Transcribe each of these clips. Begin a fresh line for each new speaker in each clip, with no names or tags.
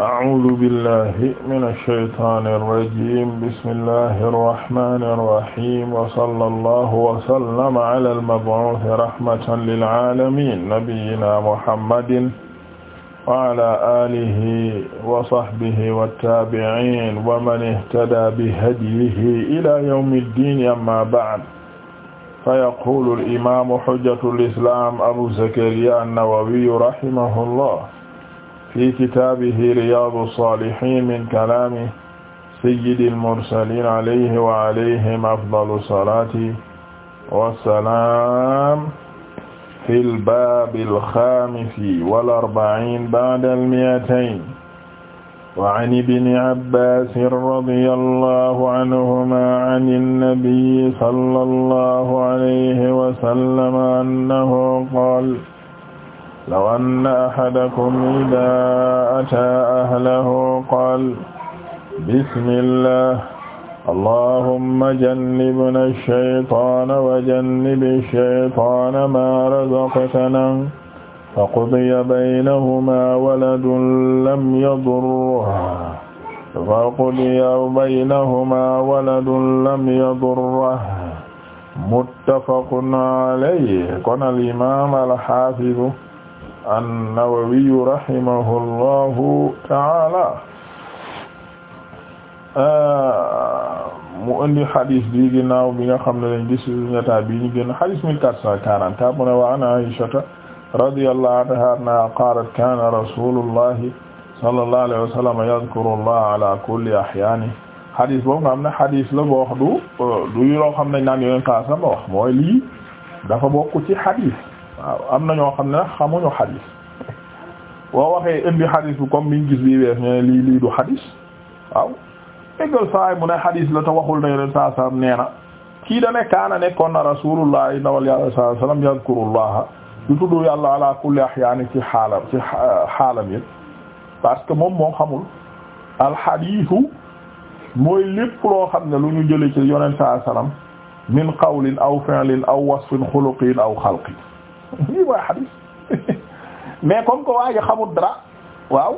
أعوذ بالله من الشيطان الرجيم بسم الله الرحمن الرحيم وصلى الله وسلم على المبعوث رحمة للعالمين نبينا محمد وعلى آله وصحبه والتابعين ومن اهتدى بهديه إلى يوم الدين أما بعد فيقول الإمام حجة الإسلام أبو زكريا النووي رحمه الله fi kitaabihi riyaadu saalihiin min kalaami sayyidil mursaliin alayhi wa alayhim afdalu salaati wa salaam fil baabil xaamisi wal arba'iin ba'dal mi'atayn وعن ابن عباس رضي الله عنهما عن النبي صلى الله عليه وسلم أنه قال law anna ahadakum idaa ataa ahlahu qaala bismillah allahumma jannibna ash-shaytaana wa jannibi ash-shaytaana maa razaqtanaa faqdiya baynahumaa waladun lam yadurruhu faqdiya baynahumaa waladun lam yadurruhu muttafaqun alayhi kon al-imaam al-haafiz an-Nawawi rahimahullahu taala mu indi xadis bi ginnaaw bi nga xam ne lañ gis ñataa bi ñu génn xadis mille quatre cent quarante mu ne wa an Aysata radiyallahu anha annaha qaalat kaana rasulullahi sallallahu alayhi wa sallam yadhkuru llaha ala kulli ahyaanihi xadis boobu nga xam ne xadis la boo wax du du loo xam ne naan yoneen kaasam wax mooy lii dafa bokk ci xadis waaw am na ñoo xam ne nag xamuñu xadis boo waxee indi xadis bi comme biñ gis bii wees ñu ne lii lii du xadis waaw éggal saay mu ne xadis la te waxul na yeneen saa saam nee na kii da ne kaana nekkoon na rasulullah ndawal yàlla sallallahu alayhi wasallam yadkurullaha ci xaalam ci xaalam yi parce que moom moo xamul alxadiisu mooy lépp loo xam ne lu ñu jële ci yonent saa salaam min qawlin aw fi'lin aw wasfin xuluqin aw xalqin lii mooy xadis mais comme que waa ji xamul dara waaw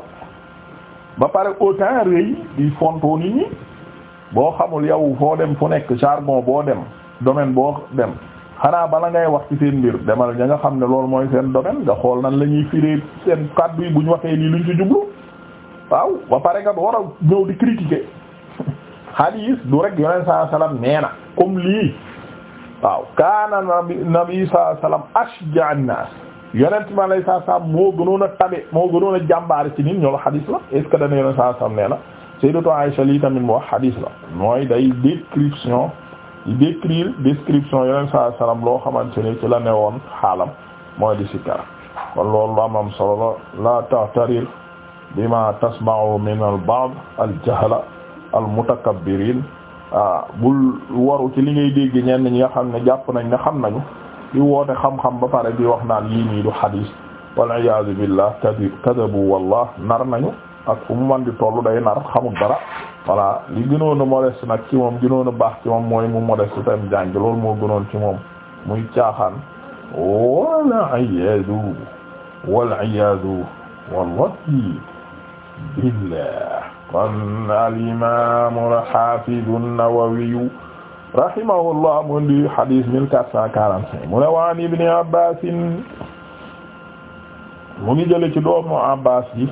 ba pare autant rëy di fontoo nit ñi boo xamul yow foo dem fu nekk charbon boo dem domaine boo dem xanaa bala ngay wax ci seen mbir demal ña nga xam ne loolu mooy seen domaine nga xool nan la ñuy firee seen kàddu yi bu ñu waxee lii luñ ci jublu waaw ba pare nga war a ñëw di critiquer xadiis du rek yoneen saa salaam nee na comme lii waaw kaana nabi nabi sallallahu alayhi wasallam ashja'an nas yonent bi alayhi salaam moo gënoon a tabe moo gënoon a jàmbaar ci nit ñoolu xadis la est ce que dana yonent sallallahu alayhi wasallam nee na sayyidatu Aisha lii tamit moo wax xadis la mooy day description décrire description yonent sallallahu alayhi wasallam loo xamante ni ci la newoon xaalam mooy di sikkara kon loolu am am solo la tahtarir bima tasma'u min al ba'd al jahla al mutakabbirin waaw bul waru ci li ngay dégg ñenn ñi nga xam ne jàpp nañ ne xam nañu di woote xam-xam ba pare di wax naan yii nii du xadiis wal iyaazu billah kadi kadabu wallah nar nañu ak fu mu man di tollu day nar xamul dara voilà li gënoon a modeste nag ci moom gënoon a baax ci moom mooy mu modeste tam jàng loolu moo gënoon ci moom muy caaxaan wal iyaazu wallahi billah kon alimamu alhafidu nawawiyu rahimahullah mu ndi hadis mille quatre cent quarante-cinq mu ne waan ibni abbasin mu ngi jële ci doomu abbas yi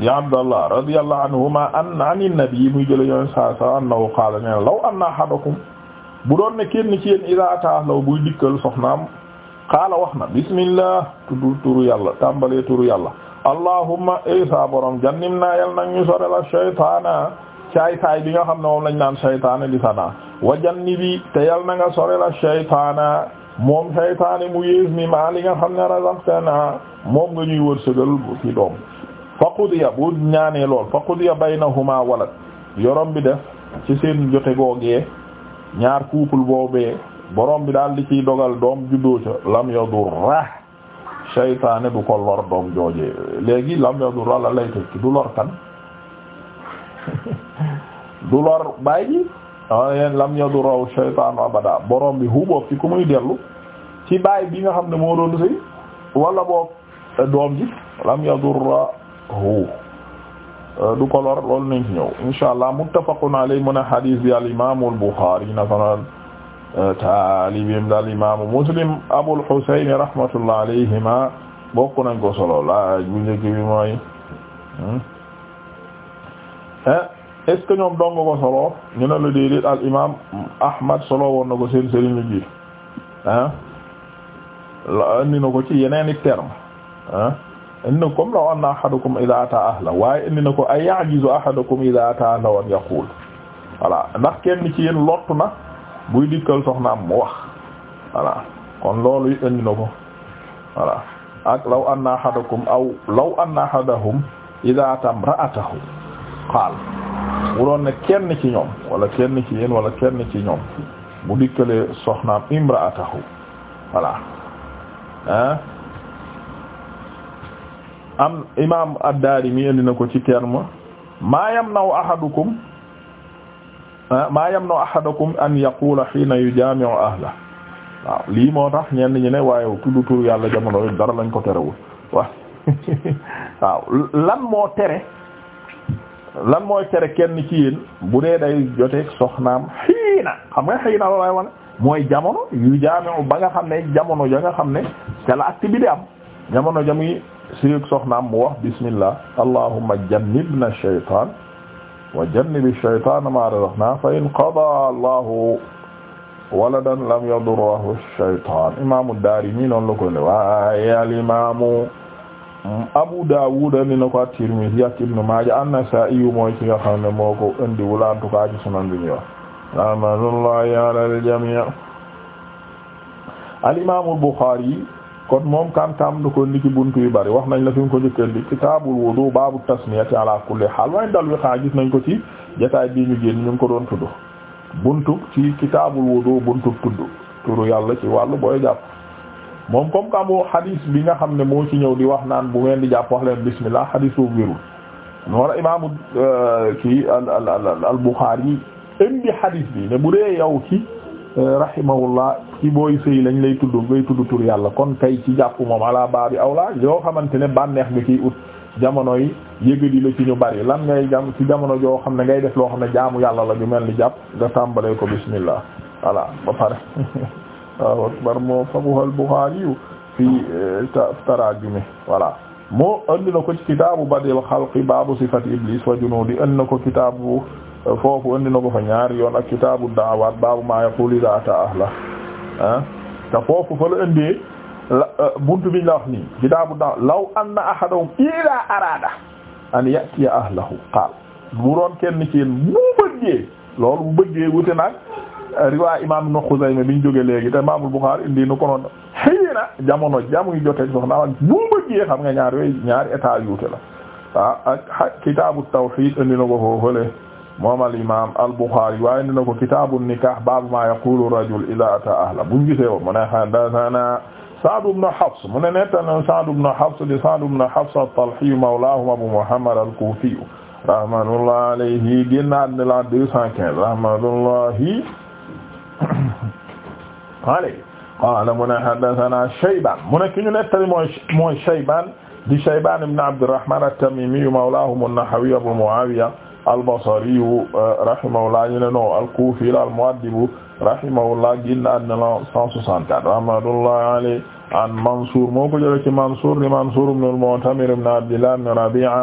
di abdallah radiyallahu anhuma an an innabi muy jële yoon sa sa annahu qaala ne law anna ahadakum bu doon ne kenn ci yéen idaa taalaw buy dikkal soxnaam qaala wax na bismillah tudd turu yàlla tàmbalee turu yàlla allahumma isa eh, borom jannim naa yal nag ñu sore la shaytaana nga xam ne moom lañ naan shaytaana li sana wa jannibi te yal na nga sore a shaytaana moom shaytaani mu yées mi maa li nga xam ne razaqtana moom nga ñuy wërsëgal ci doom faqudiya bu ñaanee lool faqudiya baynahuma walad yorom bi def ci seen jote googee ñaar couple boobee borom bi daal di ciy dogal doom juddoo lam yadur seytaane du ko lor doom jooje léegi lam yadu la lay tekki du lor kan du lor baay ji waaw ah, yeen lam yadu raw abada borom bi hu boob ci ku muy dellu ci baay bi nga xam ne moo doon sëy wala boob eh, doom ji lam yadurra hu eh, du ko lor loolu nañ ci ñëw inshallah muttafaqun alayhi mun a hadith bi al imaamul Bukhari na Euh, taalibim daal imaamu Muslim Abul Husayn rahmatullah alayhima bokk nañ ko solo laaj bu njëkk bi mooy hmm? eh, est ce que ñoom dong ko solo ñu ne la déedéet al imaam Ahmad solo woon na ko seen sëriñ ji ah la indi na ko ci yeneen i termes ah indi na comme law anna ahadukum idha ata ahla waaye indi na ko ay ya'jizu ahadukum idha ata ahla wan yaqul voilà ndax kenn ci yéen lottu na. buy dikkal soxnaam mu wax voilà kon loolu it indi ko voilà ak law anna ahadakum aw law anna ahadahum idha tamra'atahu qaal mu doon ne kenn ci ñoom wala kenn ci yéen wala kenn ci ñoom bu dikkalee soxnaam imra'atahu voilà ah am imam ad-Daarimi indi ko ci terme ma yamna'u ahadukum Ah, maa yamnu ahadakum an yaqula hina yujami'u ahla waaw lii moo tax ñenn ñi ne waaye tudd tur yàlla jamono dara lañ ko terewul waaw lan moo tere lan mooy tere kenn ci yéen bu dee day joteeg soxnaam xiina xam nga xiina loolay wane mooy jamono yu jaamiu ba nga xam ne jamono ja nga xam ne ca la acte di am jamono ja muy sëyeeg soxnaam mu wax bismillah allahumma jannibna shaytaan wa jannibi shaytaana maa razaqnaa fa in qadaa Allahu waladan lam yadurhu shaytaan imaamu Daarimi noonu la ko ne waaye al imaamu Abu Daawud andi na ko at-Tirmidhi ak Ibnu Maaja an-Nasaa'i mooy ki nga xam ne moo ko andi wala en tout cas ci sunan bi ñu wax rahmatullahi ala al jamii' al imaamu Buxaari kon moom kantaam na ko indi ci buntu yu bari wax nañ la fi nga ko jëkkal li kitaabul wudu baabu tasmiyati ala kulli haal waaye dal wi xaa gis nañ ko ci jotaay bii ñu génn ñu ngi ko doon tudd buntu ci kitaabul wudu buntu tudd turu yàlla ci wàll booy jàpp moom comme que amoo hadis bi nga xam ne moo ci ñëw di wax naan bu ngeen di jàpp wax leen bismillah hadis boobu wérul noonu imaamu euh, kii al al al al Bukhari indi hadis bi ne bu dee yow ci rahimahullah ci booy sëy lañ lay tudd ngay tudd tur yàlla kon kay ci jàpp moom ala baabi awla yoo xamante ne bànneex nga ciy ut jamono yi yëgadi la ci ñu bari lan ngay jam ci jamono joo xam ne ngay def loo xam ne jaamu yàlla la ñu mel ni jàpp nga tàmbalee ko bismillah voilà ba pare waaw akbar moo fabuhal Bukhari yu fii eh, tarajumi voilà moo andi na ko ci kitaabu badil xalqi baabu sifati iblis wa junudi andi na ko kitaabu foofu andi na ko fa ñaari yoon ak kitaabu daawaat baabu maa yaqulu idaa ataa ahla ah te foofu fa la indee la euh, buntu biñ la wax nii kitaabu daaw law anna ahadahum idaa araada an yatiya ahlahu qaal bu doon kenn ci yéen bu bëggee loolu bëggee wute nag euh, riwaay imaam Ibn Xuzayma biñ jóge léegi te imaamul Buxaari indi nu ko noon xëy na jamono jamuy jotee soxna ak bu bëggee xam nga ñaar yooyu ñaari état yuute la ah ak kitaabu tawhiid indi na ko foofule. moom al imam al Bukhari waaye dina ko kitaabu nikah baabu ma yaqulu rajul idha ata ahla buñ gisee wo mu ne hadathana Sa'd ibn Hafs mu ne nettana Sa'd ibn Hafs di Sa'd ibn Hafs at-Talhi mawlahum Abu Muhammad al-Kufi rahmatullah alayhi génnaat na la deux cent quinze rahmatullahi alayhi qaala mu ne haddathana Shayban mu ne ki ñu nettali mooy mooy Shayban di Shayban ibn Abd al-Rahman at-Tamimi mawlahum an-Nahawi Abu Muawiya al-Basriyu eh, rahimahullah ñu ne no al-Kufi al-Mu'addib rahimahullah génn àddina la 164 rahmatullahi alayhi an Mansour moo ko jëlee ci Mansour ni Mansour ibn al-Mu'tamir ibn Abdillah ibn Rabi'a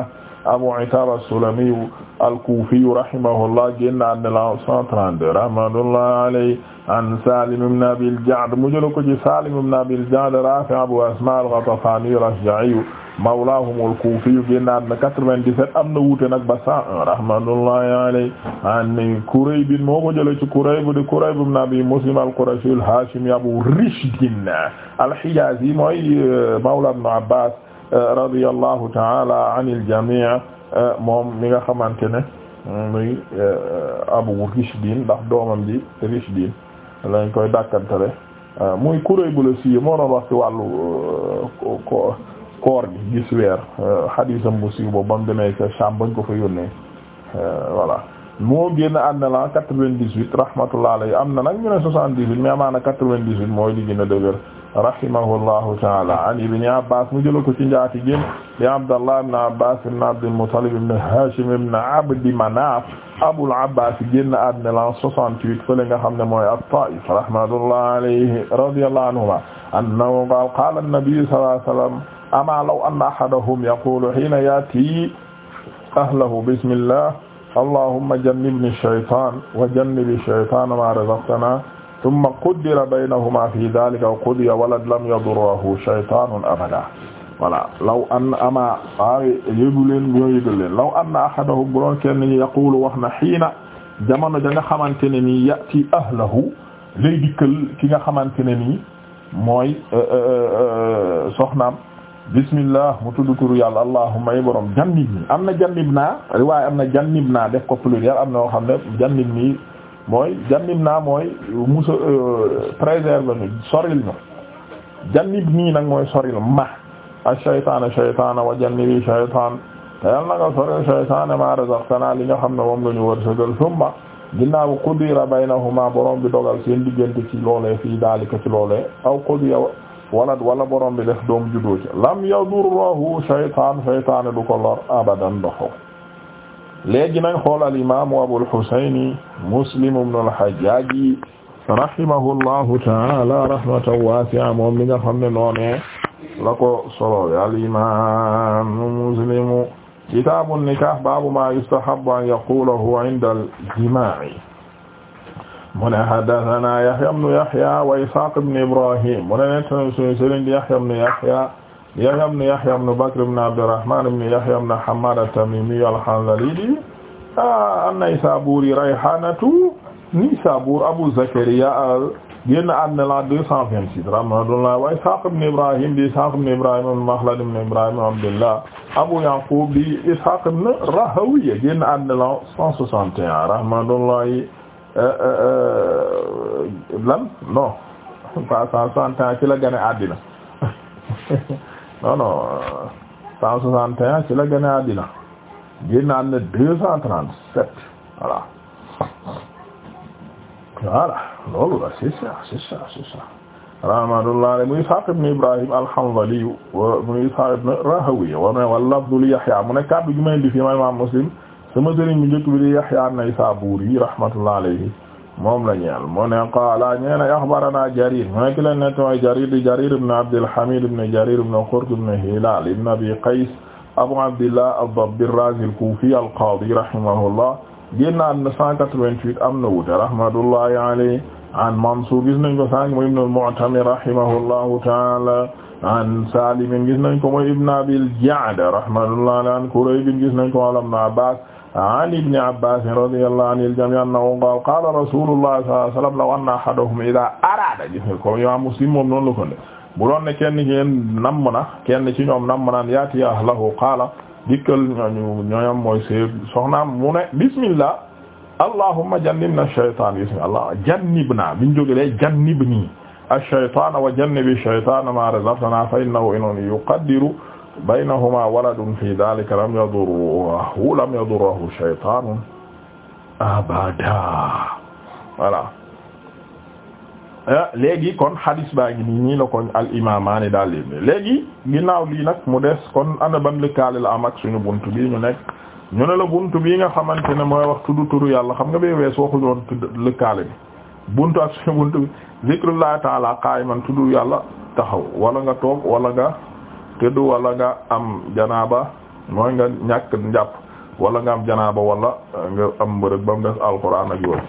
Abu Attab as-Sulamiyu al-Kufiyu rahimahullah génn àddina la 132 rahmatullahi alayhi an Salim ibn Abi al-Ja'd mu jëlee ko ci Salim ibn Abi al-Ja'd Rafi' Abu Asma al-Ghatafani ar-Raj'i mawlaahumul kuufiyu génnaat na 97 am na wuute nag ba 101 rahmatullahi alayhi an Kurayb moo ko jëlee ci Kurayb di Kurayb ibn Abi Muslim al-Qurashi al-Hashimi Abu Rishdin al-Hijazi mooy euh, mawla Ibn Abbas euh, radiyallahu ta'ala anil jami' euh, moom mi nga xamante ne mm, muy Abu Rishdin ndax doomam bi Rishdin lañ koy dàkkantale muy Kurayb la siiwee moo doon wax ci wàllu koor gi gis weer euh, xadisam bu siiw boobu ba mu demee ca Sham bañ ko fa yónnee euh, voilà moo génn ànd na la quatre-vingt-dix-huit rahmatullah alayhi am na nag ñu ne soixante-dix-huit mais amaana quatre-vingt-dix-huit mooy li gën a dëgër rahimahullahu taala an ibni abbas mu jëla ko ci njaati gén di abdallah ibne abbas ibne abdul muttalib ibne hashim ibne abdi manaf abul abbas génn àddina la soixante-huit fële nga xam ne mooy at-Taif rahmatullah alayhi radiyallahu anhuma annahu qaala qaala an-nabi sallallahu alayhi wa sallam ama law anna ahadahum yaqulu hina yati ahlahu bismillah allahumma jannibni shaytan wa jannibi shaytana ma razaqtana thumma quddira baynahuma fi dhalika wa qudiya walad lam yadurruhu shaytanun abada voilà law an ama waaw yëgu leen ñoo yëgal leen law anna ahadahum bu doon kenn ñi yaqulu wax na xiina jamono da nga xamante ne nii yati ahlahu lay dikkal ki nga xamante ne nii mooy euh, euh, euh, soxnaam bismillah mu tudd turu yàlla allahumma yi boroom jannib ni am na jannib naa riwaay am na jannib naa def ko pluriel am na yoo xam ne jannib ni mooy jannib naa mooy musa euh, préserve nu soril nu jannib nii nag mooy soril ma ash-shaytaana shaytaana wa jannibi shaytaan te yàlla na nga soril shaytaana ma razaqtana li nga xam ne moom la ñu wërsëgal summa ginnaaw qudira baynahuma borom bi dogal seen diggante ci loolee fii daalika ci loolee aw qudira wala wala borom bi def doom juddoo ci lam yadurruhu shaytaan shaytaane du ko lor abadan doxo léegi nañ xool al imaamu Abul Husayni Muslim ibn al-Hajjaj rahimahullahu ta'ala rahmatan wasi'a moom li nga xam ne noonee la ko solo al imaamu Muslim kitaabu nikaah baabu maa yustahabbu an yaqulahu inda al-jimaa'i mu ne haddathana Yahya ibn Yahya wa Ishaq ibn Ibrahim mu ne nettali sunu sëriñ di Yahya ibn Yahya Yahya ibn Yahya ibn Bakr ibn Abdurrahman ibn Yahya ibn Hammad at-Tamimi al-Hanzali di ah, an-Naysaburi rayhanatu Naysabur Abu Zakariya génn àddina la 226 rahmatullah wa Ishaq ibn Ibrahim di Ishaq ibn Ibrahim ibn Makhlad ibn Ibrahim Abdullah Abu Yaqub di Ishaq ibn Rahawiya génn àddina la 161 rahmatullah Euh, euh, euh, lan non pas cent soixante et un ci la gane àddina non non cent soixante et un ci la gane àddina génn am na deux cent trente-sept voilà loolu la c'est ça c'est ça c'est ça rahmatullah ale mu Ishaq ibn Ibrahim al-Hanzali mu Ishaq Rahawiya war na Yahya mu ne kaddu gi may fi ma imam Muslim sama sëriñ bi njëkk bi di Yahya an-Naysaburi rahmatullah alayhi moom la ñeel mu ne qaala ñeena axbaranaa Jarir mu nekk leen ne mooy Jarir di Jarir ibn Abdil Hamid ibn Jarir ibn Qurt ibn Hilal ibn Abi Qays Abu Abdillah ad-Dabbi ar-Razi al-Kufi al-Qadi rahimahullah génnaat na 188 am na wuute rahmatullahi alayhi an Mansur gis nañ ko sànq mu ibn al-Mu'tamir rahimahullahu ta'ala an Salim gis nañ ko mooy ibn Abil Ja'd rahmatullahi an Kurayb gis nañ ko wala Ibn Abbas an ibni abbasin radiyallahu anil jami annahu qaala qaala rasulullah sallallahu alayhi wa sallam law anna ahadahum idaa araada gis nga ko imam muslim moom noonu la ko ne bu doon ne kenn ci yeen namm na kenn ci ñoom namm naan yaati ahlahu qaala dikkal ñooñu ñooñam mooy seet soxnaam mu ne bismillah allahumma jannibna ash-shaytaan gis nga allah jannibna biñ jógele jannibni ash-shaytaana wa jannibi ash-shaytaana maa razaqtanaa fa innahu in yuqaddiru baynahuma waladun fi dhalika lam yadurruhu lam yadurruhu shaytaanun abada voilà ah, léegi kon hadis baa ngi nii ñii al imaamaani daal leen léegi ginnaaw lii nag mu des kon ana ban lëkkaale la am ak suñu buntu bi ñu nekk ñu ne la buntu bii nga xamante ne mooy wax tudd turu yàlla xam nga bee wees waxuñu woon tudd lëkkaale bi buntu ak suñu buntu bi zikrullahi taala qa'iman tudd yàlla taxaw wala nga toog wala nga tëdd wala nga am janaaba mooy nga ñàkk njàpp wala nga am janaaba wala euh, nga am mbërëg ba nga alxuraan ak yooyu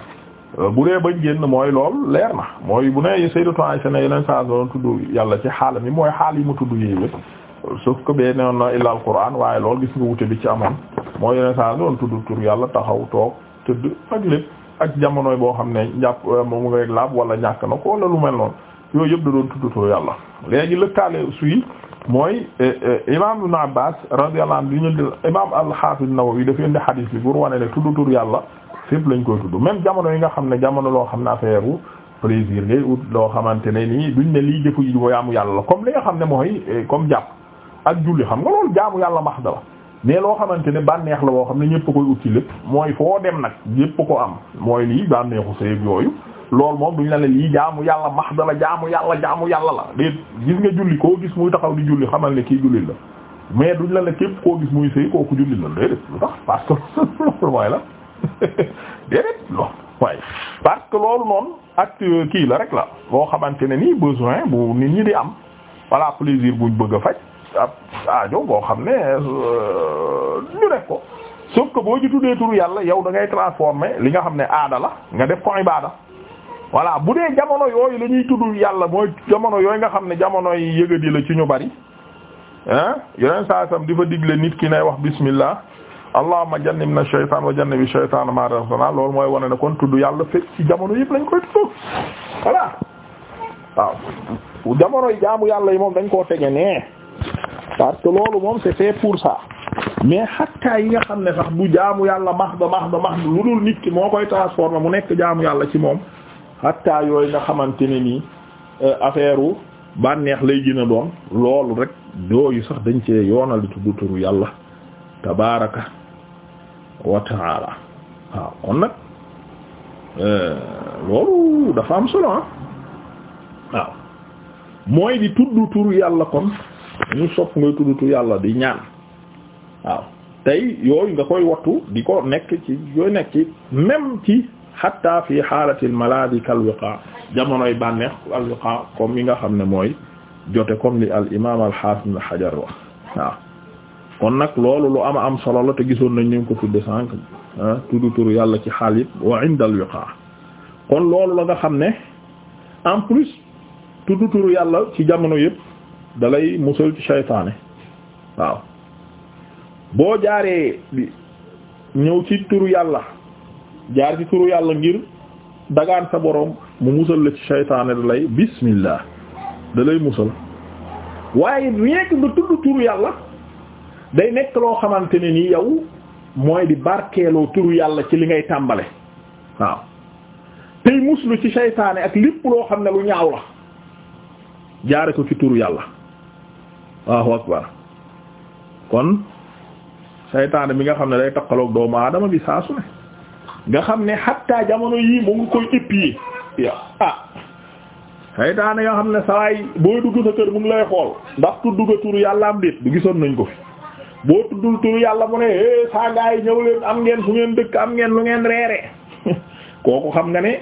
euh, bu dee bañ génn mooy lool leer na mooy bu ne Sayyidatu Aisha ne yeneen saa doon tudd yàlla ci xaalam yi mooy xaal yi mu tudd yéeg yëpp sauf que bee newoon waaye lool gis nga wute bi ci amoon mooy yeneen saa doon tudd tur yàlla taxaw toog tëdd ak lépp ak jamonoy boo xam ne njàpp euh, moom nga rek laab wala ñàkk na ko wala lu mel noonu yooyu yëpp da doon tudd turu yàlla léegi lëkkaale suy mooy eh, eh, imam ibn abbas radiyallahu anhu li ñu imam al-hafiz an-nawawi dafay indi hadith bi pour wane ne tudd turu yàlla fépp lañ koy tudd même jamono yi nga xam ne jamono loo xam ne affaire plaisir ngay ut loo xamante ne nii duñ ne lii jëfu yi boo yaamu yàlla la comme li nga xam ne mooy eh, comme jàpp ak julli xam nga loolu jaamu yàlla max da la mais loo xamante ne bànneex la boo xam ne ñëpp koy ut ci lépp mooy foo dem nag ñëpp ko am mooy lii bànneexu yooyu lool moom duñ la ne lii jaamu yàlla maxdala jaamu yàlla jaamu yàlla la déet gis nga julli koo gis muy taxaw di julli xamal ne kii julli la mais duñ la ne képp koo gis muy sëy kooku julli la déedéet lu tax parce que loolu mooy la déedéet parce que loolu noonu ak euh, kii la rek la boo xamante ne nii besoin bu nit ñi di am voilà plaisir buñ bëgg a faj ab aajo boo xam ne euh, ñu def ko sauf que boo ci tuddee turu yàlla yow da ngay transformer li nga xam ne aada la nga def ko ibaada voilà bu dee jamono yooyu lañuy ñuy tudd yàlla mooy jamono yooyu nga xam ne jamono yi yëgadi la ci ñu bari ah yeneen saa sam di fa digle nit ki nay wax bismillah allahumma na shaytaan wa jannibi shaytaan ma razaqtana loolu mooy wane ne kon tudd yàlla fekk ci jamono yëpp lañ koy tudd voilà waaw jamono yi yàlla yi moom dañ koo tege nee parce que loolu moom c'est fait pour ça mais xattaa yi nga xam ne sax bu jaamu yàlla max da max da max lu dul nit ki moo koy transformer mu nekk jaamu yàlla ci moom xatta yooyu nga xamante ne nii euh, affaire u bànneex lay gën a doon loolu rek yooyu sax dañ cee yoonal di tudd turu yàlla tabaraka wa waaw kon nag euh, loolu dafa am solo ah waaw mooy di tudd turu yàlla kon ñu sopp ngay tudd turu yàlla di ñaan waaw tey yooyu nga koy wattu di ko nekk ci yooyu nekk ci même ci hatta fi xaalati almaladi kal wiqa jamonoy bànneex al wiqa comme yi nga xam ne mooy jote comme li al imam al hafiz hajar wax waaw kon nag loolu lu ama am solo la te gisoon nañ ñu ko de sànq ah, tuddu turu yàlla ci xaal yëpp wa inda al wiqa kon loolu la nga xam ne en plus tuddu turu yàlla ci jamono yëpp dalay musal ci saytaane waaw boo jaaree ñëw ci turu yàlla jaar ci turu yàlla ngir dagaan sa borom mu musal la ci seytaane da lay bismillah dalay lay musal waaye rien que tudd turu yàlla day nekk loo xamante ne ni yow mooy di barkeeloo turu yàlla ci li ngay tàmbale waaw tey muslu ci seytaane ak lépp loo xam ne lu ñaaw la jaare ko ci turu yàlla waaw akbar kon seytaane bi nga xam ne day takkaloog doomu aadama bi saa su ne nga xam ne xatta jamono yii mu ngi koy épier yow ah saytaane yoo xam ne sawaay boo dugg sa kër mu ngi lay xool ndax tudd nga turu yàlla am déet du gisoon nañ ko fi boo tuddul turu yàlla mu ne é eh, saa yi ñëw leen am ngeen fu ngeen dëkk am ngeen lu ngeen reere kooku xam nga ne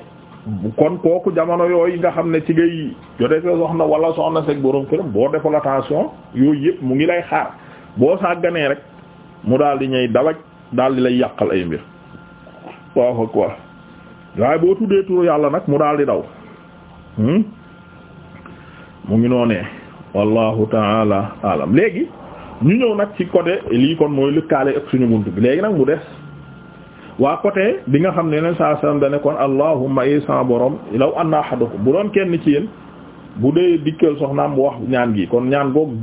kon kooku jamono yooyu nga xam ne ci ngay jotee sa soxna wala soxna seg boroom këram boo defal attention yooyu yëpp mu ngi lay xaar boo sàgganee rek mu daal di ñuy dawaj daal di lay yàqal ay mbir waaw quoi waaye boo tuddee turu yàlla nag mu daal di daw hmm? mu ngi noonee wallahu taala alam léegi ñu ñëw nag ci côté lii kon mooy lëkkaale ak suñu bunt bi léegi nag mu des waa côté bi nga xam ne ne saa sallam dane kon allahumma isan borom law anna ahadakum bu doon kenn ci yéen bu dee dikkal soxnaam bu wax ñaan gi kon ñaan googu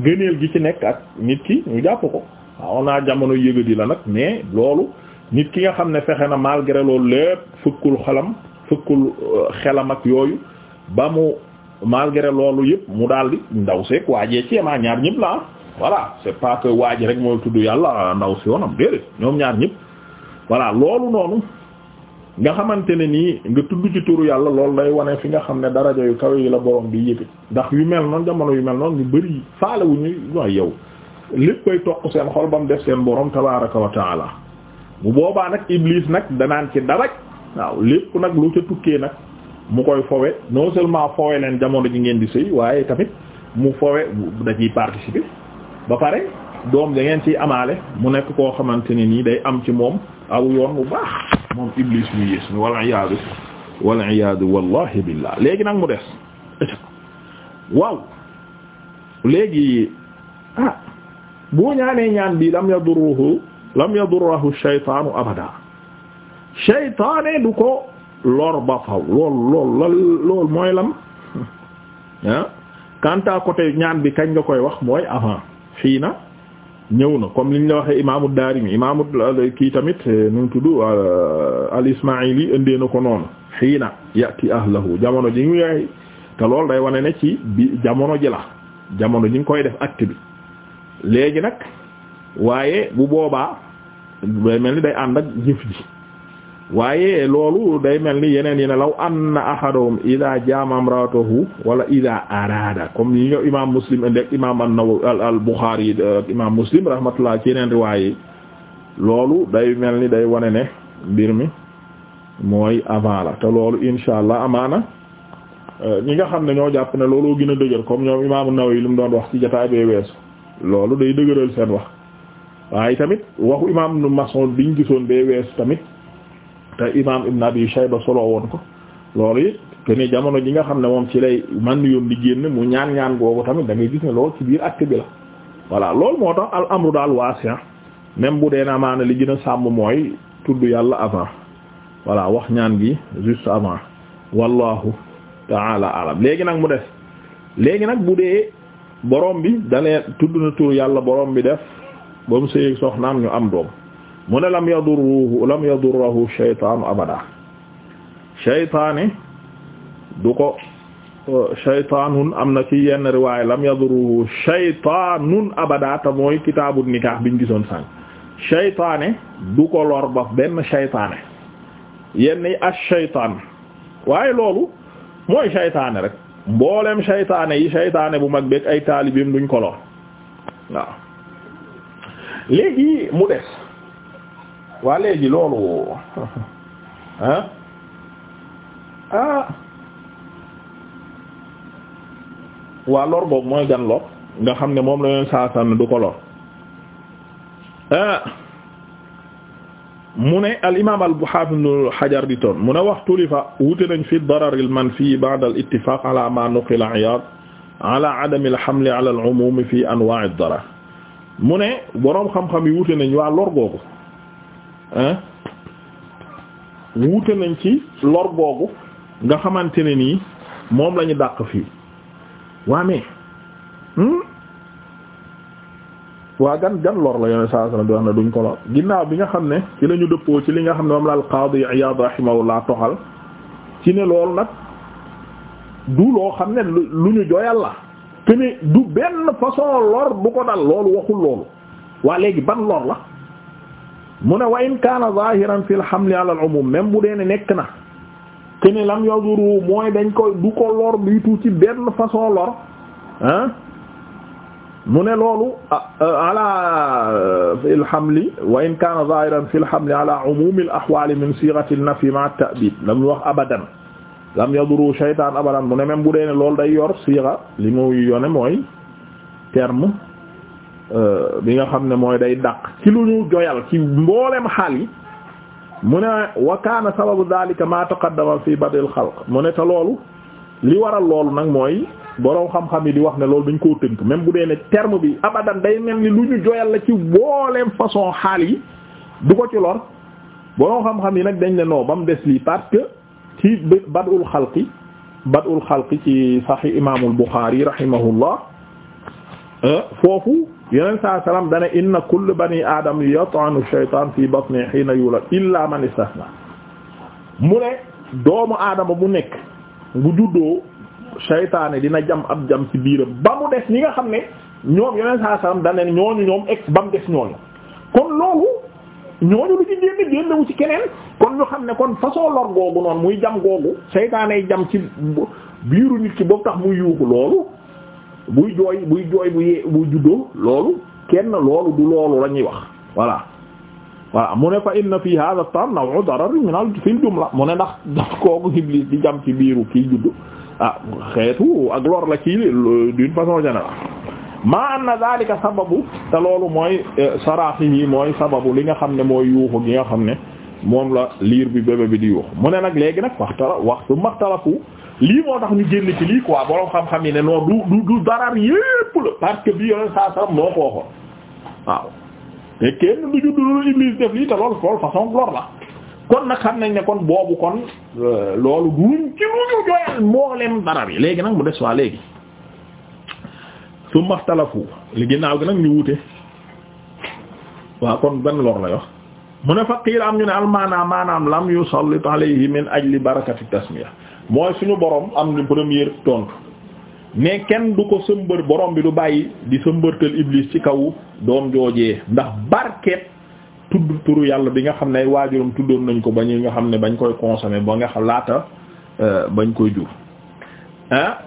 ngëneel gi ci nekk ak nit ki ñu jàpp ko waaw naa jamono yëgadi la nag mais loolu nit ki nga xam ne fexe na malgre loolu lépp fëkkul xelam fëkkul euh, xelam ak yooyu ba mu malgré loolu yëpp mu daal di ndaw seek waajee ci yemaa ñaar ñëpp la voilà c'est pas que waaji rek mooy tudd yàlla ndaw si yoonam déedéet ñoom ñaar ñëpp voilà loolu noonu nga xamante ne nii nga tudd ci turu yàlla loolu day wane fi nga xam ne daraja yu kawe yi la borom bi yëkkati ndax yu mel noonu jamono yu mel noonu ñu bëri faale wu ñu waaye yow lépp koy toq seen xol ba mu def seen borom tabaaraka wa taala bu boobaa nag iblis nag danaan ci daraj waaw lépp nag lu ca tukkee nag mu koy fowe non seulement fowe leen jamono ji ngeen di sëy waaye tamit mu fowe da ciy participer ba pare doom dangeen ci amaale mu nekk koo xamante ne nii day am ci moom aw yoon bu baax moom iblis mu yées mi wal iyaadu wal iyaadu wallahi billah léegi nag mu des waaw léegi ah boo ñaanee ñaan bi lam yadurruhu lam yadurrahu shaytaanu abada shaytaane du ko lor ba faw lool lool lool mooy lam ah kanta côté ñaan bi kañ nga koy wax mooy avant xii na ñëw na comme liñ la waxee imaamu Daarimi imaamu euh, kii tamit euh, nu mu tudd euh, al Ismaa'ili indee na ko noonu xii na yati ahlahu jamono ji ñu yaay te loolu day wane ne ci bi jamono ji la jamono ji nga koy def acte bi léegi nag waaye bu boobaa day mel ni day ànd ak jëf ji waaye loolu day mel ni yeneen yi ne law anna ahadahum ida jaama imraatahu wala ida araada comme yi ñëw imam muslim indi ak imam an-Nawawi al Bukhari euh, ak muslim rahmatullah ci yeneen riwaaye loolu day mel ni day wane ne mbir mi mooy avant la te loolu insha allah amaana euh, ñi nga xam ne ñoo jàpp ne looloo gën a dëgër comme ñoom imaamu Nawawi li mu doon wax ci jotaay bee loolu day dëgëral seen wax waaye tamit waxu imaam Ibn Mas'ud biñ gisoon bee weesu tamit te imaam Ibn Abi Shayba solo woon ko loolu it que ni jamono ji nga xam ne moom ci lay man yoon di génn mu ñaan ñaan googu tamit da ngay gis ne lool ci biir acte bi la. voilà lool moo tax al amru daal waasi même bu dee na maana li sàmm mooy tudd yàlla avant voilà wax ñaan gi juste avant wallahu ta'ala alam léegi nag mu def léegi nag bu dee borom bi da tudd na tur yàlla borom bi def. ba mu sëyeeg soxnaam ñu am doom mu ne lam yadurruhu lam yadurruhu shaytaanu abada shaytaani du ko euh, shaytaanun am na ci yenn riwaay lam yadurruhu shaytaanun abada te mooy kitaabu nikaax biñ gisoon sànq shaytaane du ko lor benn shaytaane yenn yi shaytaan waaye loolu mooy shaytaane rek mboolem shaytaane yi shaytaane bu mag beeg ay taalibeem duñ ko lor waaw. léegi mu des waa léegi loolu ah ah waa lor boog mooy gan lor nga xam ne moom la leen saasan du ko lor ah mu ne al imaam al xaafidul xajar di toon mu ne waxtulifa wute nañ fi dararil manfi ba'da al ittifaaq ala ma nuqila Iyaad ala adami al hamli ala al umum fi anwaa ad-darar mu ne boroom xam-xam yi wute nañ waa lor googu ah wute nañ ci lor googu nga xamante ne nii moom la ñu dàq fii waa mais hmm? waa gan gan lor la yone saa sana di wax ne duñ ko lor ginnaaw bi nga xam ne ci la dëppoo ci li nga xam ne moom la al qaadi Iyaad rahimahullah toxal ci ne loolu nag du loo xam ne lu ñu joyal la que ne du benn façon lor bu ko dal loolu waxul loolu waa léegi ban lor la mu ne wa in kaana zahiran fi lxamli ala al umum même bu dee ne nekk na que ne lam yaduru mooy dañ ko du ko lor du tuuti ci benn façon lor ah mu ne loolu ala euh, fi lxamli wa in kaana zahiran fi lxamli ala umumi al ahwali min sighati an-nafi ma'a at-ta'bid lam wax abadan lam yaduru shaytan abadan mu ne même bu dee ne loolu day yor siira li muy yone mooy terme euh, bi nga xam ne mooy day dàq ci lu ñu joyal ci mboolem xaal yi mu ne wa kaana sababu dhalika ma taqaddama fi badil xalq mu ne te loolu li waral loolu nag mooy boroom xam-xam yi di wax ne loolu dañ koo tënk même bu dee ne terme bi abadan day mel ni lu ñu joyal la ci booleem façon xaal yi du ko ci lor boroom xam-xam yi nag dañ ne non ba mu des lii parce ci badul xalqi badul xalqi ci saxi imaamul Buxaari rahimahullah eh, foofu yeneen saa salaam dana inna kull bani aadam yat'anu shaytaan fi batni hiina yulad illaa man istahna mu ne doomu aadama bu nekk bu juddoo shaytaane dina jam ab jam ci biiram ba mu des ñi nga xam ne ñoom yeneen saa salaam dana ñooñu ñoom des ñooñu kon loolu ñooñu lu ci génn génnewu ci keneen kon ñu xam ne kon façon lor googu noonu muy jam googu seytaanay jam ci biiru nit ki boobu tax muy yuuxu loolu buy jooy buy jooy bu ye- bu juddoo loolu kenn loolu du loolu la wax voilà voilà mu ne fa inna fi hadha at-tarn naw'u darar min al-fil jumla mu ne ndax daf kooku iblis di jam ci biiru ki juddu ah xeetu ak lor la ci d'une façon générale maa anna zalika sababu te loolu mooy e, saraax yi mooy sababu li nga xam ne mooy yuuxu gi nga xam ne moom la liir bi bébé bi di yuuxu mu ne nag léegi nag waxtala waxtu maxtalafu lii moo tax ñu génn ci lii yi ne non du du bi moo ko waxoon waaw te kenn def lii te loolu kon nag xam nañ ne kon boobu kon e, loolu duñ ci yi léegi nag mu des léegi summa ikhtalafu li ginnaaw gi nag ñu wute waaw kon benn lor la yox mu ne fa qiila am ñu ne almaanaam maanaam lam yusallit alayhi min ajli barakati tasmiya mooy suñu boroom am ni première tontu mais kenn du ko sëmbër borom bi du bàyyi di sëmbërtal iblis ci kaw doom joojee ndax barkeet tudd turu yàlla bi nga xam ne ay waajuram tuddoon nañ ko ba ñu nga xam ne bañ koy consommer ba nga xam laata euh, bañ koy jur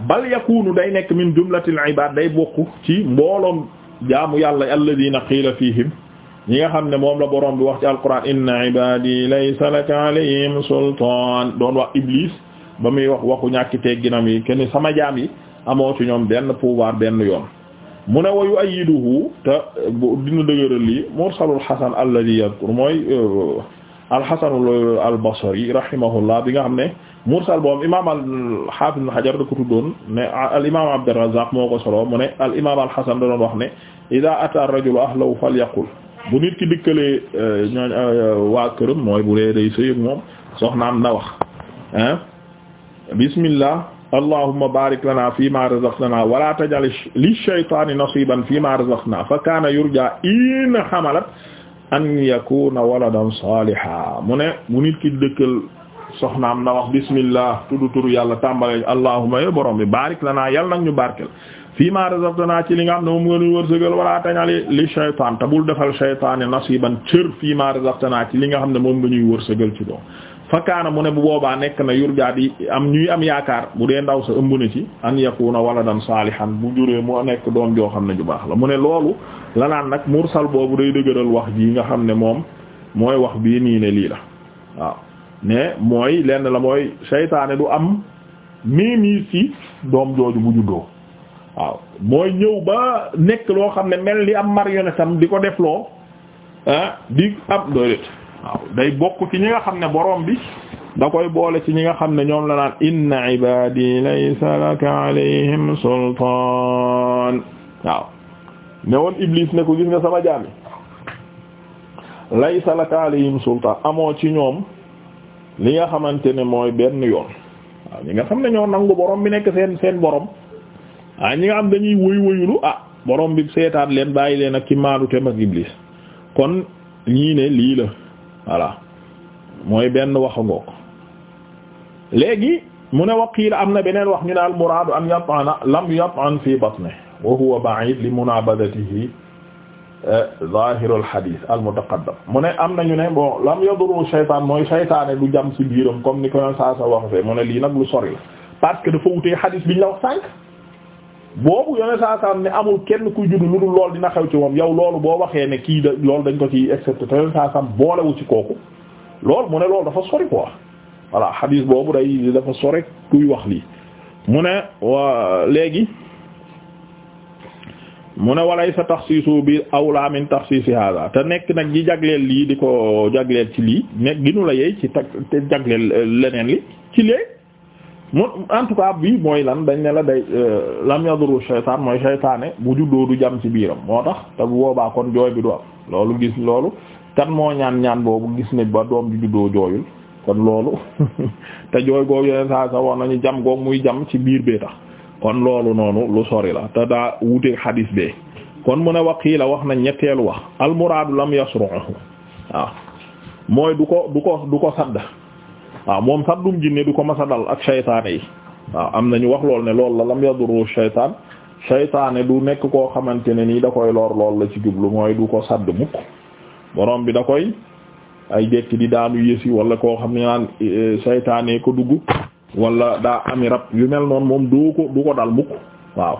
bal yakunu day nekk min jumlatil ibad day bokk ci mbooloom jaamu yàlla alladina qiila fihim yi nga xam ne moom la boroom bi wax ci alquran inna ibadi laysa laka alayhim sultaan doon wax iblis ba muy wax waxu ñàkki tegginam yi kenn sama jaam yi amoo ci ñoom benn pouvoir benn yoon mu ne wayu ayiduhu te dina dëgëral lii mursalul hasan alladi yadkur mooy euh, alxasanul albasri rahimahullah bi nga xam ne mursal boom imaam alxaafis ibn Hajar da ko tuddoon ne al imaam Abdurrazzaq moo ko solo mu ne al imaam alxasan da doon wax ne idaa ataa ar-rajulu ahlahu falyaqul bu nit ki dikkalee euh, ñooñ euh, waa këram mooy bu dee day sëy ak moom soxnaam na wax ah bismillah allahumma barik lana fi ma razaqtana wala tajal lish-shaytani nasiban fi ma razaqtana fa kana yurja in hamalat an yakuna waladan saliha mu ne mu nit ki dëkkal soxnaam na wax bismillah tudd turu yàlla tàmbale allahumma ya borom bi barik lana yàlla nag ñu barkel fii ma razaqtana ci li nga xam ne moom nga ñu wërsëgal wala tañali li shaytan te bul defal shaytaani nasiban cër fii ma razaqtana ci li nga xam ne moom nga ñuy wërsëgal ci doom fakkaana mu ne bu boobaa nekk na yurjaa di am ñuy am yaakaar bu dee ndaw sa ëmb na ci an yakuna waladan salihan bu juree mu nekk doom joo xam ne ju baax la mu ne loolu lanaan nag mursal boobu day dëgëral wax ji nga xam ne moom mooy wax bii nii ne lii la waaw ne mooy lenn la mooy seytaane du am miimii ci doom jooju bu juddoo waaw mooy ñëw ba nekk loo xam ne mel ni am marionnette am di ko def loo ah, di am dooleet waaw day bokk ci ñi nga xam ne boroom bi da koy boole ci ñi nga xam ne ñoom la naan inna ibadi laysa laka alayhim sultaan waaw ne woon Iblis ne ko gis nga sama jaami laysa laka alayhim sultaan amoo ci ñoom li nga xamante ne mooy benn yoon waaw ñi nga xam nañoo nangu borom bi nekk seen seen borom ah ñi nga xam dañuy woy woyulu ah borom bi seetaan leen bàyyi leen ak ci maadu tem ak kon ñii lii la voilà mooy benn wax ngoog léegi mu ne waqiila am na beneen wax ñu daal muraadu an yat'ana lam yat'an fi batni wa huwa ba'id li munabadatihi eh, zahirul hadith al mutaqaddam mu ne am nañu ne bon lam yaduru shaytaan mooy shaytaane du jam ci biiram comme ni ko yoon saa sa wax fee mu ne lii nag lu sori la parce que dafa wutee hadith biñ la wax sànq boobu yoon saa saa ne amul kenn kuy juddu lu dul lool dina xew ci moom yaw loolu boo waxee ne kii da dañ ko ci excepté te yoon saa saa boolewu ci kooku lool mu ne lool dafa sori quoi voilà hadith boobu day dafa sori kuy wax lii mu ne waa léegi. mu ne walay sa taxsiisu bi awla min taxsiisi hada te nekk nag ji jagleel lii di ko jagleel ci lii nekk ginu la yey ci tag te jagleel euh, leneen li ci lee mu en tout bii mooy lan dañ ne la day euh, lam yaduru shaytaan mooy shaytaane bu juddoo du jam ci biiram moo tax te bu boobaa kon jooy bi du am loolu gis loolu kan moo ñaan ñaan boobu gis ne ba doom ju juddoo jooyul kon loolu te jooy googu yeneen saa sa wax nañu jam goog muy jam ci biir bee tax kon loolu noonu lu sori la te daa wuteeg xadiis bee kon mu ne waqiila wax nañ ñetteelu wax almuraadu lam yasruhu waaw mooy du ko du ko du ko sadd waaw moom saddum jinne du ko masa ak saytaane yi waaw am nañu wax lool ne loolu la lam yaduru saytaan saytaane du nekk koo xamante ne nii da koy loor lool la ci jublu mooy du ko sadd mukk borom bi da koy ay jekk di daanu yësi wala koo xam ne naan eh, saytaane ko dugg wala daa ami rab yu mel noonu moom du ko dal mukk waaw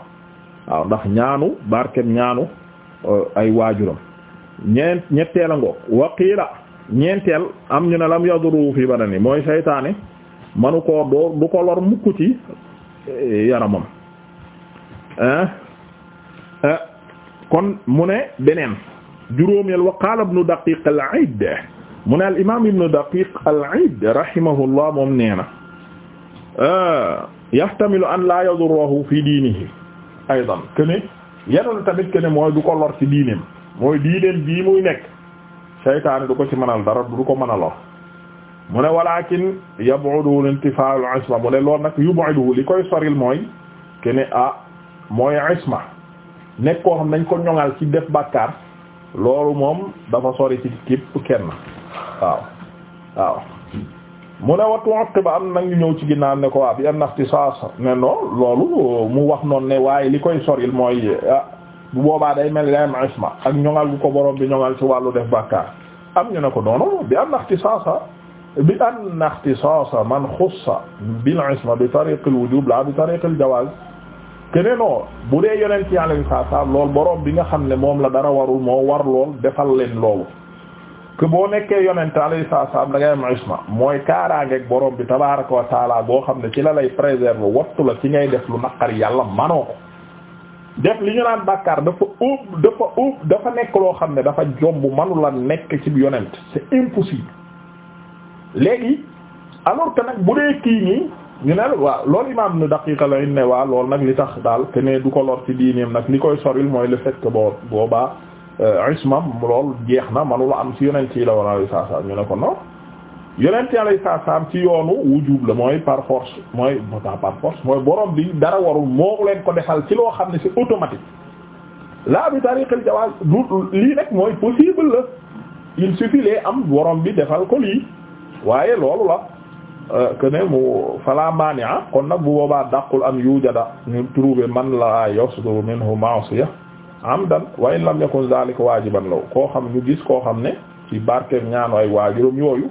waaw ndax ñaanu barket ñaanu euh, ay waajuram ñeent ñetteela ngoog waqiila ñeenteel am ñu ne lam yaduru fi badani mooy seytaane manu ko doo du ko lor mukk ci eh, yaramam kon mu ne beneen juróomeel wa qaala ibnu daqiq al-iid mu ne al imaam ibnu daqiq al-iid rahimahullah moom nee na Ah, yahtamilu an la yadurruhu fi diinihi aydan kene yenul tamit kene mooy du ko lor ci diineem mooy diineem bii muy nekk seytaane du ko ci mënal dara du ko mën a lor mu ne walakin yab'udu intifaa'ul isma mu ne loolu nag yub'idu li koy soril mooy kene ah mooy isma nekk koo xam nañ ko ñoŋal ci def bàkkaar loolu moom dafa sori ci képp kenn waaw waaw mu ne wattu waq ba am na ñu ñëw ci ginnaaw ne ko waa bi am naxti saas ne non loolu mu wax noonu ne waaye li koy soril mooy ah bu boobaa day mel day am ak ñoŋal bu ko borom bi ñoŋal ci wàllu def bàkkaar am ñu ne ko noonu bi am naxti saasa bi am naxti saasa man xussa bil isma bi tariqil wujub la bi tariqil jawaaz kene non bu dee yonent yàlla bi saa saa lool borom bi nga xam ne moom la dara warul moo war lool defal leen loolu que boo nekkee yonent alayhi salaam da ngay am isma mooy kaaraangeeg borom bi tabaarakoo taalaa boo xam ne ci la lay préserver wattu la ci ngay def lu naqari yàlla manoo ko def li ñu naan bàkkaar dafa ub dafa ub dafa nekk loo xam ne dafa jomb manu la nekk ci yonent c'est impossible léegi alors que nag bu dee kii nii ñu ne waaw loolu imaam nu daqiqa la ñu ne waa lool nag li tax daal te du ko lor ci diineem nag li koy soril mooy le fait que boo boobaa ismam euh, lool jeex na manula am ci yonent yi la war alayhi ñu ne ko non yonent yi alayhi salaam ci yoonu wujub la mooy par mooy pas par mooy borom bi dara warul moo leen ko defal ci loo xam ne si automatique la bi tariqil jawaaz lii rek mooy possible la il am borom bi defal ko lii waaye loolu la euh, que ne mu fala maani'a kon nag bu boobaa dàqul am yujada ñu trouver man la yasduru minhu ma'siya amdan wa in lam yakun zalika waajiban law koo xam ñu gis koo xam ne ci barkeem ñaanu ay waajuram yooyu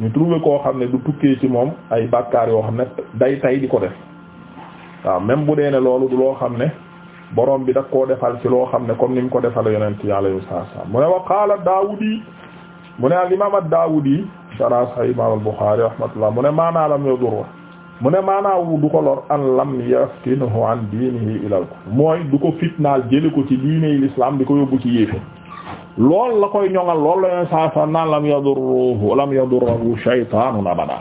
ñu trouvé koo xam ne du tukkee ci moom ay bàkkaar yoo xam ne day tay di ko def waaw même bu dee ne loolu du loo xam ne borom bi daf koo defal ci loo xam ne kon ni ko defal yonent yi alayhi salaam mu ne wa qaala Daawudi mu ne al imaam ad-Daawudi sharh Sahih imaam al-Bukhari rahmatullah mu ne maanaa lam yadurra mu ne maanaawu du ko lor an lam yaftinhu an diinihi ilal kufr mooy du ko fitnaal jële ko ci diiney l'islam di ko yóbbu ci yéefe lool la koy ñoŋal lool la yoon saa sa naan lam yadurruhu lam yadurruhu shaytaanun abada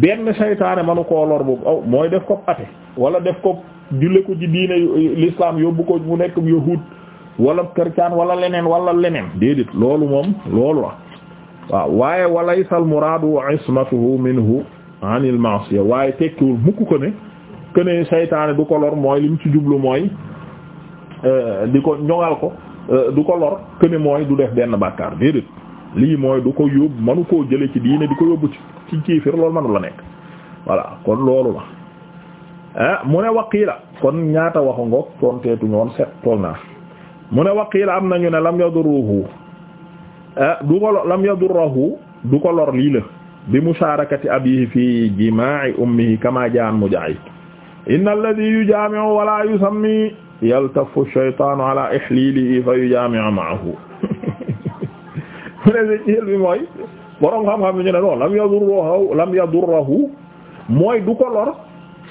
benn shaytaane manu koo lor bu aw mooy def ko ate wala def ko jële ko ci diine l'islam yóbbu ko mu nekk yahuud wala kercaan wala leneen wala leneen déedéet loolu moom loolu la waaw waaye walaysa al muraadu ismatuhu minhu anil ma'siya waaye tekkiwul mukk ko ne que ne saytaane du ko lor mooy lim ci jublu mooy euh, di ko ñoŋal ko euh, du ko lor que ne mooy du def benn bàkkaar déedéet lii mooy du ko yóbbu mënu koo jële ci diine di ko yóbbu ci ci kiifir loolu mënu la nekk voilà kon loolu la ah mu ne la kon ñaata waxu ngoog tonteetu ñoon set tool naa mu ne la am nañu ne lam yaduruhu ah, du ko lam du ko lor lii la bi musharakati abihi fi jimaa'i ummihi kama jaan mujahid inna alladhi yujaami'u wala yusammi yaltafu ash-shaytaanu ala ihlilihi fa yujaami'u ma'ahu bi mooy borom xam-xam ñu ne non lam yadurruhu lam yadurruhu mooy du ko lor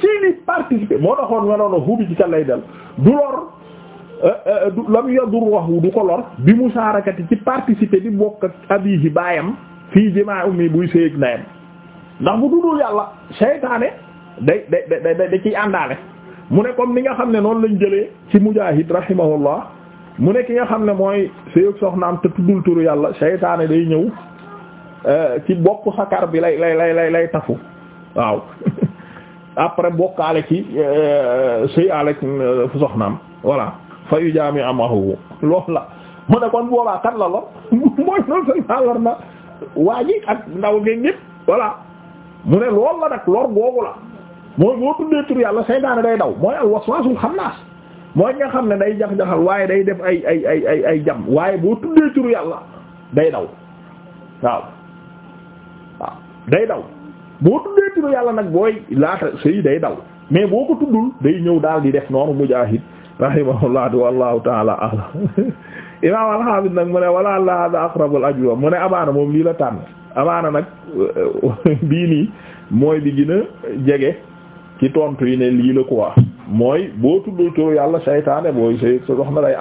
ci li participer moo taxoon nga noonu hubi ci kan lay del du lor euh, euh, lam yadurruhu du ko lor bi musharakati ci participer di bokk ak abihi baayam fii jimaa ummi buy séeg ndeyam ndax bu dudul yàlla seytaane day day day day ciy àndaale mu ne comme nga xam ne noonu lañ jëlee ci mujaahid rahimahullah mu ne ki nga xam ne mooy séeg soxnaam te tuddul turu yàlla seytaane day ñëw euh, ci bopp sakar bi lay lay lay lay lay tafu waaw après bokkaale ci euh, sëy alek fu euh, soxnaam voilà fa la mu ne kon boobaa kan la lor mooy noonu sëy naa lor na waa ak ndaw ngeen ñëpp voilà mu ne loolu la nag lor googu la mooy boo tuddee tur yàlla seytaane day daw mooy al waswasul xannaas mooy nga xam ne day jax-jaxal waaye day def ay ay ay ay ay jam waaye boo tuddee tur yàlla day daw waaw day daw boo tuddee tur yàlla nag booy laata sëy day daw mais boo ko tuddul day ñëw daal di def noonu mujaahid rahimahullah wallahu taala alam imaam al-Hafiz nag mu ne wala allah hada aqrabul ajwa mu ne amaana moom lii la tànn amaana nag euh, bii nii mooy bi gën a jege ci tontu yi ne lii la quoi mooy boo tuddul turu yàlla saytaane booy say sa dox na day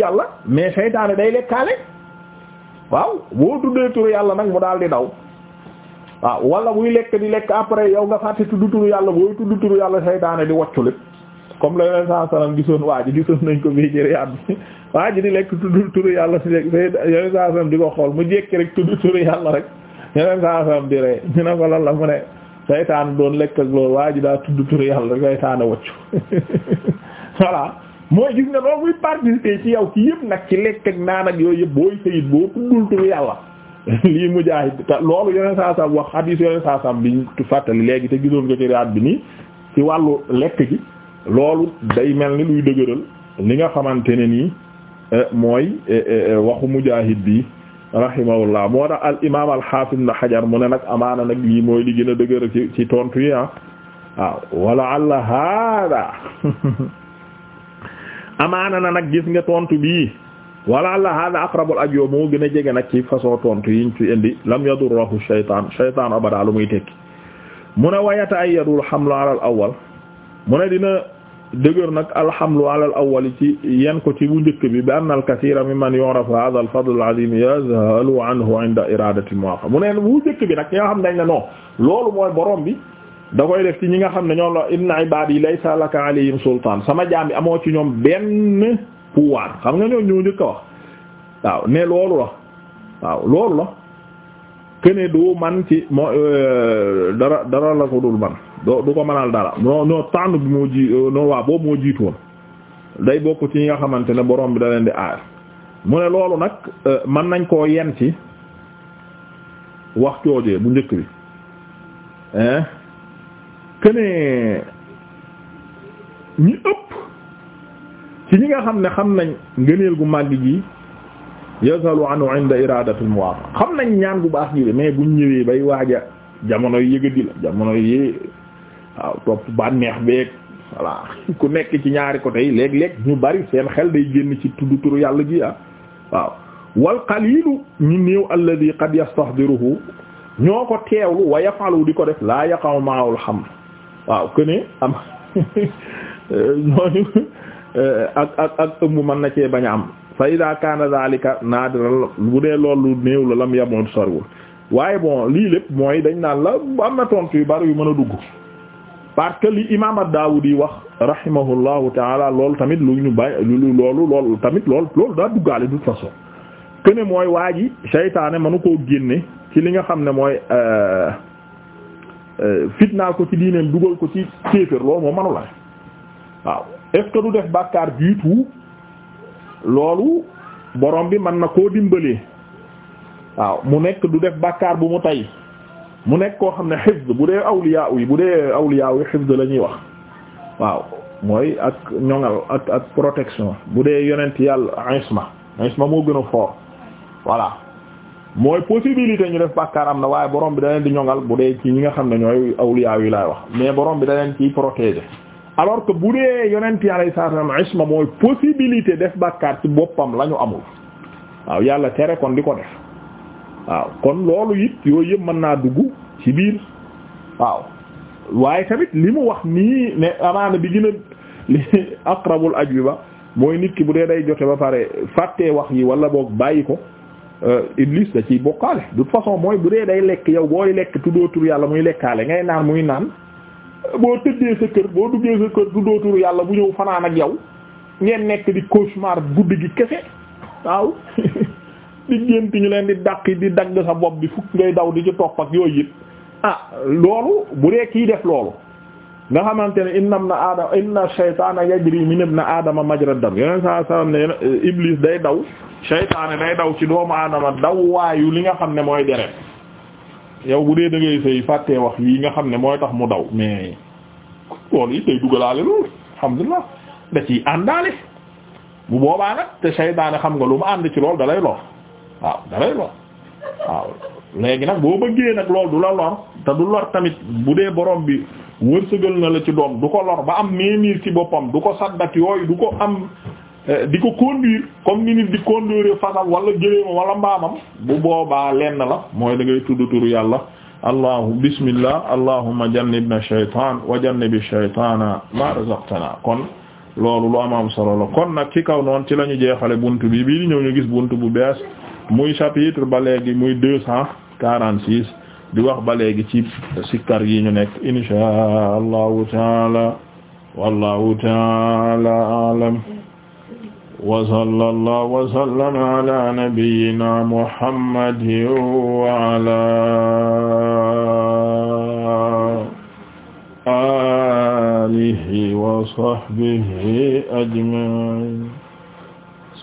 yàlla mais saytaane day lekkaale waaw boo tuddee turu yàlla nag mu daal di daw waaw wala buy lekk di lekk après yow nga fàtte tudd turu yàlla booy tudd turu yàlla saytaane di waccu lépp comme la yoneen saa sallam gisoon waa ji gisoon nañ ko bii ci riyaat bi waa ji di lekk tudd turu yàlla si lekk yoneen saa sallam di ko xool mu jékki rek tudd turu yàlla rek yoneen saa sallam di ree ñu ne ko lan la mu ne saytaan doon lekk ak loolu waa ji daa tudd turu yàlla rek saytaan a wëccu voilà mooy gis nga noonu muy participer ci yow ci yëpp nag ci lekk ak naan ak yooyu yëpp booy sayit boo tuddul turu yàlla lii mujaahid te loolu yoneen saa sallam wax hadiis yoneen saa sallam fàttali léegi te gisoon ko ci riyaat bi nii ci wàllu lekk gi loolu day mel ni luy dëgëral li nga xamante ne nii eh, mooy eh, eh, waxu mujaahid bi rahimahullah moo tax al imaam al xajar mu ne nag amaana nag lii mooy li gën a dëgëral ci ci tontu yi ah waaw wala allah amaana na nag gis nga tontu bi wala allah hada aqrabul moo gën a jege nag ci façon tontu yiñ ci indi lam yadurruhu shaytaan shaytaan abada lu muy tekki mu ne wayata ay yadul hamlu ala al mu ne dina dëgër nag alhamlu ala al awwal ci yen ko ci bu njëkk bi bi anna al kathira mimman yu'rafu hadha al fadl al azim yazhalu anhu inda mu neen bu njëkk bi nag ñi nga xam dañ ne non loolu mooy borom ñi nga xam ne ñoom la inna ibadi laysa laka alayhim sultaan sama jaam bi amoo ci ñoom ben pouvoir xam nga ñoom ñoo njëkk a wax waaw ne loolu la waaw loolu la kene du man ci moo euh, dara dara la ko man doo du ko mënal dara non non tànn bi moo ji euh, non waa boobu moo jiitu day bokk ci ñi nga xamante ne borom bi da leen di aar mu ne loolu nag euh, mën nañ koo yen ci wax coojee bu njëkk bi kene ñi ëpp ci ñi nga xam ne xam nañ ngëneel gu màgg gi yasalu anu inda iradatul muwaafa xam nañ ñaan bu baax gi mais buñ ñëwee bay waaja jamono yi yëgadi la jamono yi waaw topp bànneex beeg voilà ku nekk ci ñaari côté yi léeg-léeg ñu bari seen xel day génn ci tudd turu yàlla gi ah waaw wal qalilu ñu néew alladi qad yastahdiruhu ñoo ko teewlu wa di ko def laa yaqaw xam waaw que ne am ñooñu eh, ak ak ëmb mën na cee bañ a am fa ida kaana zalika naadiral bu dee loolu néew la lam yamon soriwul waaye bon lii lépp mooy dañ naan la am na tontu yu bari yu mën a dugg parce que li imam ad-Dawudi wax rahimahullahu taala loolu tamit lu ñu bàyyi lu loolu loolu tamit loolu loolu daa duggaale de façon que mooy waa ji seytaane mënu koo génne ci li nga xam ne mooy euh, euh, fitnaal ko ci diineem dugal ko ci kéefër loolu moo manu la waaw est-ce du def bàkkaar du tout loolu borom bi mën na koo dimbalee waaw mu nekk du def bàkkaar bu mu tay mu nekk koo xam ne xifd bu dee awliyaa yi bu dee aulia yi xifd la ñuy wax waaw mooy ak ñoŋal ak ak protection bu dee yonent yàlla isma isma moo gën a fort voilà mooy possibilité ñu def bàkkaar am na waaye borom bi da di ñongal bu dee ci ñi nga xam ne ñooy awliyaa yi laay wax mais borom bi da leen ciy alors que bu dee yonent yàlla saatam isma mooy possibilité def bàkkaar ci boppam la ñu amul waaw yàlla tere kon di ko def waaw kon loolu it yooyu yëpp mën naa dugg ci biir waaw waaye tamit li mu wax nii ne amaana bi gën a li aqrabul ajwiba mooy nit ki bu dee day jote ba pare fàttee wax yi wala boog bàyyi ko euh, iblis da ciy bokkaale de toute façon mooy bu dee day lekk yow booy lekk tuddoo tur yàlla muy lekkaale ngay naan muy naan euh, boo tëddee sa kër boo duggee sa kër tuddoo tur yàlla bu ñëw fanaan ak yow ngeen nekk di cauchemar guddi gi kese waaw di gént ñu leen di dàqi di dagg sa bopp bi fukk ngay daw di ci topp ak yooyu it ah loolu bu dee kii def loolu nga xamante ne inna ibna aadama inna shaytaana yajri min ibna aadama majra dam yeneen saa sallam ne iblis day daw shaytaane day daw ci doomu aadama daw li nga xam ne mooy deret yow bu dee da ngay sëy fàttee wax yi nga xam ne mooy tax mu daw mais loolu it day dugalaale loolu alhamdulillah da ciy àndaale bu boobaa nag te shaytaane xam nga lu mu ànd ci loolu dalay lor waaw dalay lor waaw léegi nag boo bëggee nag lool du la lor te du lor tamit bu dee borom bi wërsëgal na la ci doom du ko lor ba am méemir ci boppam du ko saddak yooyu du ko am eh, di ko conduire comme ni nit di conduire fasam wala gëléema wala mbaamam bu boobaa lenn la mooy da ngay tudd turu yàlla allahu bismillah allahumma jannibna shaytan wa jannibi shaytana ma razaqtana kon loolu lu am am solo la kon na ci kaw noon ci la ñu bunt buntu bi bii ñëw ñu gis bu bees muy chapitre ba léegi muy deux cent quarante di wax ba léegi ci yi ñu nekk inshaa allahu taala wallahu taala alam wa sallallahu wa sallama ala nabiyyina muhammadin wa ala alihi wa sahbihi ajma'in